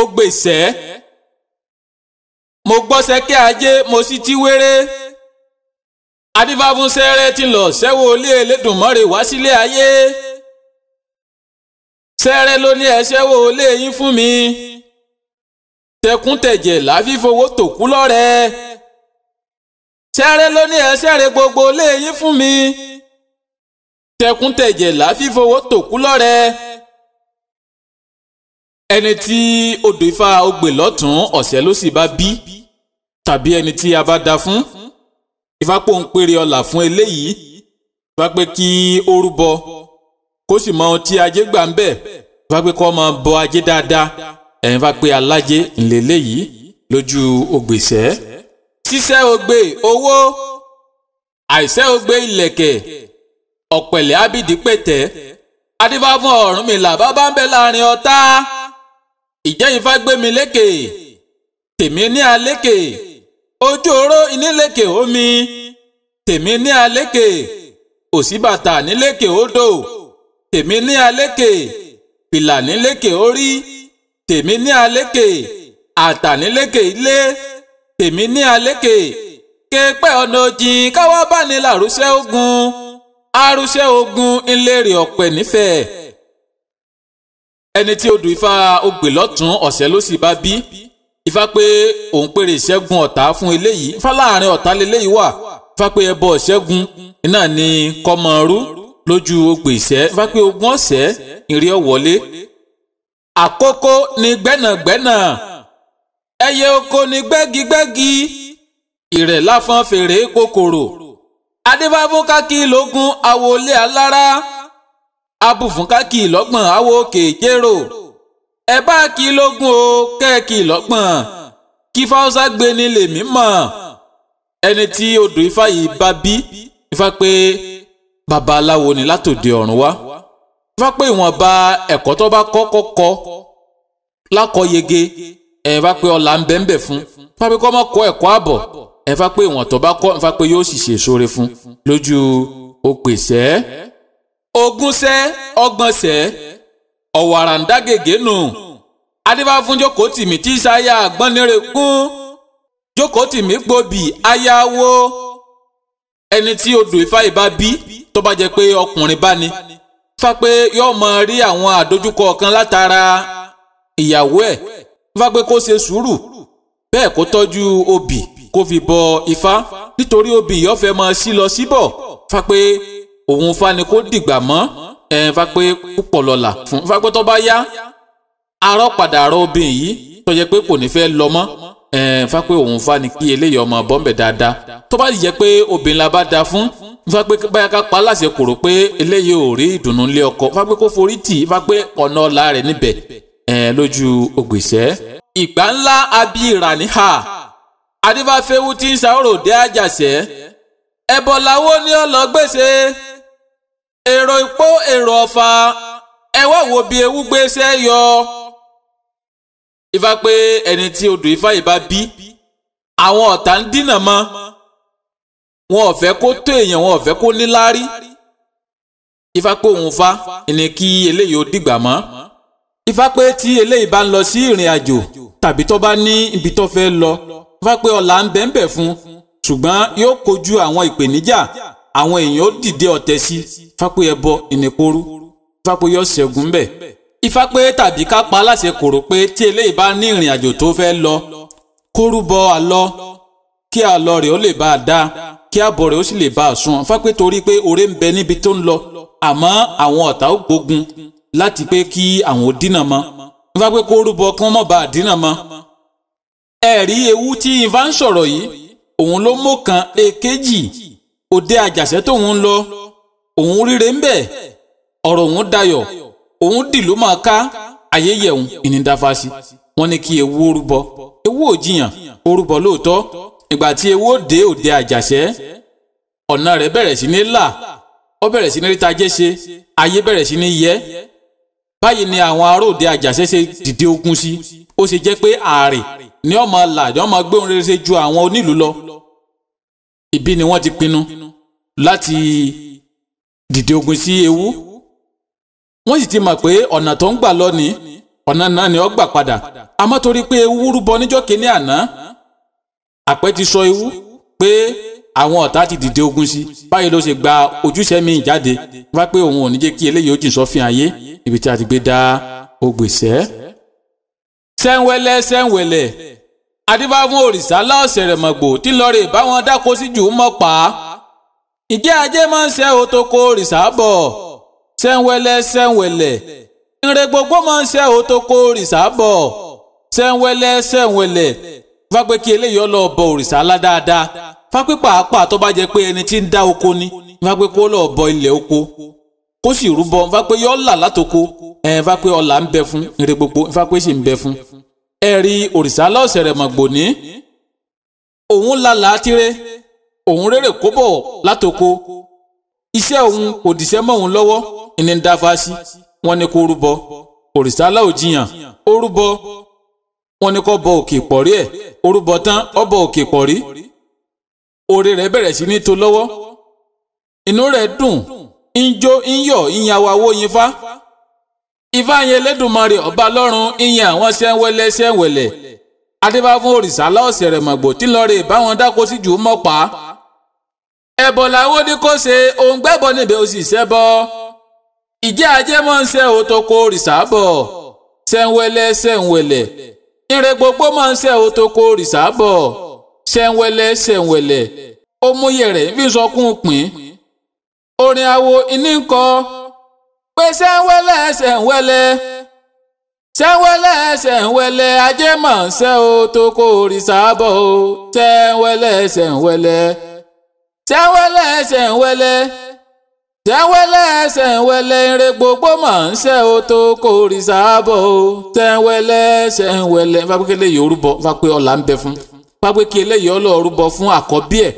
mo gbèsè mo gbọ́ sẹ́kẹ́ ajé mo sì ti wéré adífáfún sẹ́rẹ́ ti lọ sẹ́wọ́ olé elédùnmọ́re wá sílé ayé sẹ́rẹ́ ló ní ẹ̀ṣẹ́wọ́ olé yín fún mi tẹkùntẹ̀jẹ̀ láfífowó tòkú lọ́rẹ́ sẹ́rẹ́ ló ní ẹ̀ṣẹ́rẹ́ gbogbo olé yín fún mi tẹkùntẹ̀jẹ̀ láfífowó tòkú lọ́rẹ́ ẹni tí odò ifá ogbè lọ́tún ọ̀sẹ̀ ló sì bá bí tàbí ẹni tí a bá da fún ifá pò ń pèrè ọlà fún eléyìí ifá pé kí ó rúbọ kó sì mọ ohun tí ajé gbà ń bẹ̀ ifá pé kó máa bọ ajé dáadáa ẹ̀yin fá pé alájé ńlẹ́lẹ́yìí lójú ògbèsẹ́ sísẹ́ ogbè owó àìsẹ́ ogbè ìlẹ̀kẹ̀ ọ̀pẹ̀lẹ̀ ábídí pẹ̀tẹ́ adífá fún Ọ̀rúnmìlà bàbá ń bẹ láàrin ọ̀tá ìjẹ́ ifá gbé mi lékè tèmi ní alékè ojú oró inílékè omi tèmi ní alékè òsínbàtà nílékè odò tèmi ní alékè pìlà nílékè orí tèmi ní alékè àtà nílékè ilé tèmi ní alékè képẹ́ ọ̀nà òjìn káwá bá ní làrúṣẹ́ ogun arúṣẹ́ ogun ńlẹ́rìí ọ̀pẹ nífẹ̀ẹ́ ẹni tí odù ifá ogbè lọ́tún ọ̀sẹ̀ ló sì bá bí ifá pé òun péré ìṣẹ́gun ọ̀tá fún eléyìí ifá láàrin ọ̀tá leléyìí wà ifá pé ẹbọ ìṣẹ́gun iná ni kọ́mọrú lójú ogbè ìṣẹ́ ifá pé ogún ọ̀sẹ̀ ìrí ọ̀wọ́lé àkókò ni gbẹ́nàgbẹ́nà ẹyẹ oko ni gbẹ́gigbẹ́gi ìrẹ̀ láfọ́n fèrè kòkòrò adébáfún kákí lógún àwọlé alára abùfúnkákì lọ́gbọ̀n àwo kèjérò ẹ bá kí lógún o kẹ́ẹ̀kì lọ́gbọ̀n kí fáwọ́sá gbé ni lèmi mọ̀ ẹni tí odò ifá yìí bá bí ifá pé babaláwo ni látòde ọ̀run wá ifá pé ìwọ̀nba ẹ̀kọ́ tó bá kọ́kọ́ kọ́ lákọ̀ yege ẹ̀ ifá pé ọ̀la ń bẹ́ńbẹ̀ fún ifá pé kọ́ mọ́ kọ́ ẹ̀kọ́ àbọ̀ ẹ̀ pé ìwọ̀n tó bá kọ́ ifá pé yóò sì ṣèṣore fún lójú òpèsè ogúnṣẹ́ ọgbọ̀nsẹ̀ ọ̀wàràǹdàgègè nù adébáfúnjókòó tìmí tí sáyà àgbọ̀nlérèkún jókòó tìmí gbòbí ayáwó ẹni tí odò ifá ìbá bí tó bá jẹ́ pé ọkùnrin bá ní fá pé yóò mọ rí àwọn àdójúkọ kan látara ìyàwó ẹ̀ fá pé kó ṣe sùúrù bẹ́ẹ̀ kó tọ́jú obì kó fi bọ ifá nítorí obì yóò fẹ́ máa sí lọ síbọ̀ fá pé òun fa ni kó dìgbà mọ́ ẹ̀ ń fa pé púpọ̀ lọ́la fún fa pé tó bá yá arọ́ padà arọ́ obìnrin yìí tó jẹ́ pé kò ní fẹ́ lọ mọ́ ẹ̀ ń fa pé òun fa ni kí eléyìí ọmọ bọ́m̀bẹ̀ dáadáa tó bá jẹ́ pé obìnrin la bá da fún fa pé báyà ká pa aláṣẹ kò rò pé eléyìí ò rí ìdùnnú ilé ọkọ fa pé kó forí tì fa pé ọ̀nà ọ̀la rẹ̀ níbẹ̀ ẹ̀ lójú ògbésẹ́. ìgbà ńlá abira ni ha adífáfẹ́wù ti ń sàrò dé àjàṣẹ́ ẹ̀bọ̀làwọ́ ni ọlọ́gbèsè èrò ìpó èrò ọ̀fà ẹ wá wo bí ewu gbèsè yọ. ifá pé ẹni tí odò ifá yìí bá bí àwọn ọ̀tá ń dínà mọ́ wọn ò fẹ́ kó tó èèyàn wọn ò fẹ́ kó níláárí ifá pé òun fa ni kí eléyìí ó dìgbà mọ́ ifá pé tí eléyìí bá ń lọ sí ìrìn àjò tàbí tó bá ní ibi tó fẹ́ lọ ifá pé ọ̀la ń bẹ́ẹ̀ bẹ́ẹ̀ fún ṣùgbọ́n yóò kojú àwọn ìpèníjà àwọn èèyàn ó dìde ọ̀tẹ̀ sí fápé ẹbọ ìnìporu fápé yọ ṣẹ́gun bẹ̀. ìfápé tàbí ká pa aláṣẹ kòrò pé tí eléyìí bá ní ìrìn àjò tó fẹ́ lọ kórúbọ àlọ kí àlọ rẹ̀ ó lè bá a dáa kí àbọ̀ rẹ̀ ó sì lè bá a sunwọ̀n fápé torí pé oore ń bẹ níbi tó ń lọ àmọ́ àwọn ọ̀tá ó gbógun láti pé kí àwọn ò dínà mọ́ fápé kórúbọ kí wọ́n mọ̀ bá a dínà mọ́ ẹ̀rí ewu tí ifá sọ̀rọ̀ yìí òun ló mọ̀ kan èkejì òde àjàṣẹ́ tóun ń lọ òun ríre ń bẹ̀ ọ̀rọ̀ òun dayọ̀ òun dì ló máa ká ayéyẹ̀hún ìnídàfàṣì wọ́n ní kí ewu orúbọ ewu òjìyàn orúbọ lóòótọ́ ìgbà tí ewu òde òde àjàṣẹ́ ọ̀nà rẹ̀ bẹ̀rẹ̀ sí ní là ó bẹ̀rẹ̀ sí ní ríta jẹ́ ṣe ayé bẹ̀rẹ̀ sí ní yẹ báyìí ni àwọn ará òde àjàṣẹ́ ṣe dìde ogun sí ó ṣe jẹ́ pé ààrẹ ni ó máa là ni ó máa gbóhùn rere ju àwọn onílù lọ ibi ni wọ́n ti pinnu láti dìde ogun sí ewu wọ́n sì ti mọ̀ pé ọ̀nà tó ń gbà lọ ni ọ̀nà náà ni ó gbà padà àmọ́ torí pé ewu rúbọ níjọ́ kínní àná àpẹ ti sọ ewu pé àwọn ọ̀tá ti dìde ogun sí báyìí ló ṣe gba ojúṣe mi jáde wá pé òun ò ní jẹ́ kí eléyìí ó jìn sọ́fin ayé ibi tí a ti gbé dá ogbèsẹ́ sẹ́ńwẹ́lẹ́ sẹ́ńwẹ́lẹ́ adífáfún òrìṣà láọ̀sẹ̀ rẹ̀ mọ̀gbò tí lọ́ọ̀rẹ́ báwọn dáko sí jù ú mọ̀ pa á. ìjẹ́ ajé máa ń ṣe òtòkò òrìṣà bọ̀ sẹ́ńwẹ́lẹ́ sẹ́ńwẹ́lẹ́ ìrìn gbogbo máa ń ṣe òtòkò òrìṣà bọ̀ sẹ́ńwẹ́lẹ́ sẹ́ńwẹ́lẹ́ fápẹ́ kí eléyìí ọlọ́ bọ òrìṣà lá dáadáa fápẹ́ pàápàá tó bá jẹ pé ẹni tí ń dá oko ni fápẹ́ kó lọ́ọ́ bọ ilẹ̀ oko kó sì rúbọ fápẹ́ yọ ọ́ là látoko ẹ̀ fápẹ́ ọ̀là ń bẹ fún ìrìn gbogbo fápẹ́ sì ń bẹ fún. ẹ̀rí òrìṣà aláọ̀sẹ̀rẹ̀ mọ̀gbòní òun lálàá tiré òun rere kó bọ̀ látoko iṣẹ́ òun kò dìṣẹ́ mọ́ òun lọ́wọ́ ìní ń sí wọ́n ní kó rúbọ òrìṣà aláòjiyàn ó rúbọ wọn ní kó bọ òkè pọ̀rí ẹ̀ ó rúbọ tán ó bọ òkè pọ̀rí rẹ̀ bẹ̀rẹ̀ sí ní to lọ́wọ́ inú rẹ̀ dùn ń jó ń yọ̀ ń yàwó ìfáàyè Elédùmarè ọba lọ́run ìyìn àwọn sẹ́wẹ́lẹ́ sẹ́wẹ́lẹ́ adébá fún òrìṣà láòsẹ̀ rẹ̀ mọ̀gbò tí lọ́ọ́rẹ́ ìbáwọn dáko sí jù ú mọ̀ pa. ẹbọ làwọn ní kó ṣe òun gbẹ́bọ níbẹ̀ ó sì ṣẹbọ. ìjẹ́ ajé mọ́ ń ṣe òtòkò òrìṣà bọ̀ sẹ́wẹ́lẹ́ sẹ́wẹ́lẹ́ ire gbogbo mọ́ ń ṣe òtòkò òrìṣà bọ̀ sẹ́wẹ́lẹ́ sẹ́wẹ́lẹ́ ó múyẹ̀ rẹ̀ fi sọkún pín orin awo iní pé sẹ́ńwẹ́lẹ́ sẹ́ńwẹ́lẹ́ sẹ́ńwẹ́lẹ́ sẹ́ńwẹ́lẹ́ ajé mọ̀ ṣẹ́ o tó kó òrìṣà bọ̀ o sẹ́ńwẹ́lẹ́ sẹ́ńwẹ́lẹ́ sẹ́ńwẹ́lẹ́ sẹ́ńwẹ́lẹ́ sẹ́ńwẹ́lẹ́ sẹ́ńwẹ́lẹ́ eré gbogbo mọ̀ ń ṣẹ́ o tó kó òrìṣà bọ̀ o sẹ́ńwẹ́lẹ́ sẹ́ńwẹ́lẹ́ fapẹ́ kí eléyìí orúbọ fapẹ́ ọ̀la ń bẹ fún fapẹ́ kí eléyìí ọlọ́ọ̀rúbọ fún àkọ́bí ẹ̀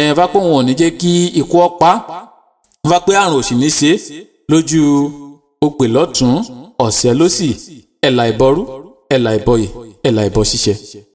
ẹ̀ fapẹ́ wọn ò ní jẹ́ kí ikú ọ̀pá fapẹ́ àrùn òsì ní ṣe lójú òpè lọ́tún ọ̀sẹ̀ lọ́sì ẹ̀là ìbọrú ẹ̀là ìbọyè ẹ̀là ìbọ ṣíṣe.